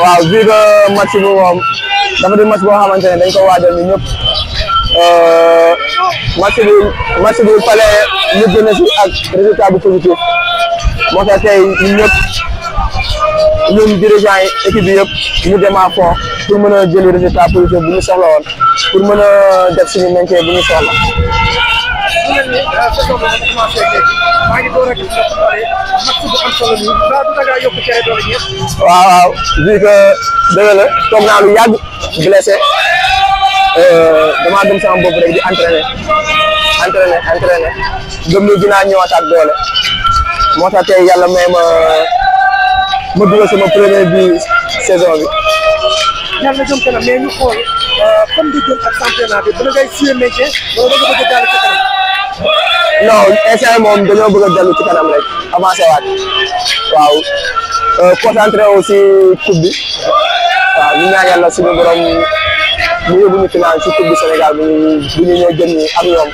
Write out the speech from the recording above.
waaw vu que match bi moom dafa di match boo xamante ne dañ ko waajal ñu ñëpp euh, match bi match bi fale ñu gën si ak résultat bu positif moo tax tey ñu ñëpp ñun dirigeant yi yëpp ñu dem à fond pour mën a jëli résultat positif bu ñu solo woon pour mën a def suñu maintien bu ñu soxla. solo nii daa du dangaa yokk cere doole ñëpp. waaw waaw vu que dëgg toog naa lu yàgg blessé euh, damaa dem sama bopp rek di entraîner entraîner entraîner doole moo tax tey yàlla may ma ma dugal sama premier bi saison bi. yàlla jëm kanam mais xool euh, fan nga jëm ak bi ba ngay siyee métier wala nga bëgg a jàll ci kanam. non instant moom dañoo bëgg a dellu ci kanam rek avancé waat waaw euh, concentré si coupe bi waaw ñu ñaan yàlla si borom mu ñu final ci coupe du Sénégal bu ñu ñu ñoo jëm ñi ak ñoom.